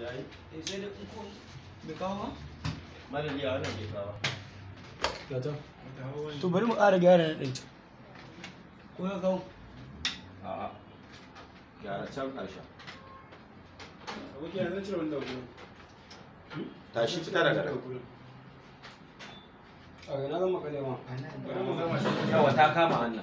yayi yayi sai da kawo mara liya wannan kawo gata to bari mu ƙara gyara na ɗin ko ya kawo gyara can ƙarshen abokin yanzu yawa ta kama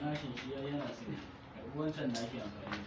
我来星期一应该是我正在讲